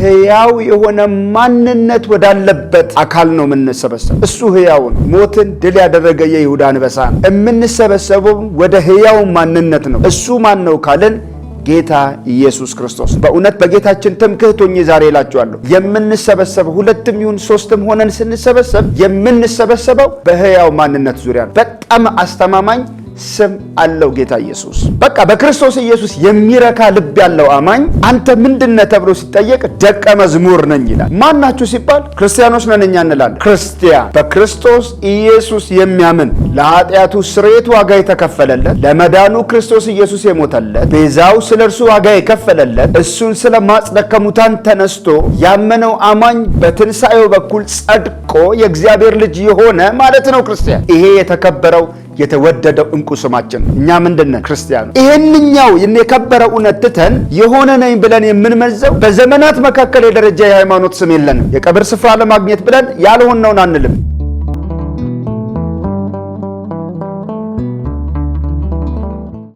ሕያው የሆነ ማንነት ወዳለበት አካል ነው የምንሰበሰብ። እሱ ሕያው ነው። ሞትን ድል ያደረገ የይሁዳ አንበሳ ነው። የምንሰበሰበው ወደ ሕያው ማንነት ነው። እሱ ማን ነው ካልን ጌታ ኢየሱስ ክርስቶስ። በእውነት በጌታችን ትምክህት ሆኜ ዛሬ እላችኋለሁ የምንሰበሰብ ሁለትም ይሁን ሶስትም ሆነን ስንሰበሰብ የምንሰበሰበው በሕያው ማንነት ዙሪያ ነው። በጣም አስተማማኝ ስም አለው ጌታ ኢየሱስ። በቃ በክርስቶስ ኢየሱስ የሚረካ ልብ ያለው አማኝ አንተ ምንድነ ተብሎ ሲጠየቅ ደቀ መዝሙር ነኝ ይላል። ማናችሁ ሲባል ክርስቲያኖች ነን እኛ እንላለን። ክርስቲያን በክርስቶስ ኢየሱስ የሚያምን ለኃጢአቱ ስርየት ዋጋ የተከፈለለት ለመዳኑ ክርስቶስ ኢየሱስ የሞተለት ቤዛው ስለ እርሱ ዋጋ የከፈለለት እሱን ስለ ማጽደቅ ከሙታን ተነስቶ ያመነው አማኝ በትንሣኤው በኩል ጸድቆ የእግዚአብሔር ልጅ የሆነ ማለት ነው ክርስቲያን። ይሄ የተከበረው የተወደደው እንቁ ስማችን። እኛ ነን? ክርስቲያኑ። ይህንኛው የከበረ እውነት ትተን የሆነ ነኝ ብለን የምንመዘው በዘመናት መካከል የደረጃ የሃይማኖት ስም የለንም። የቀብር ስፍራ ለማግኘት ብለን ያልሆነውን አንልም።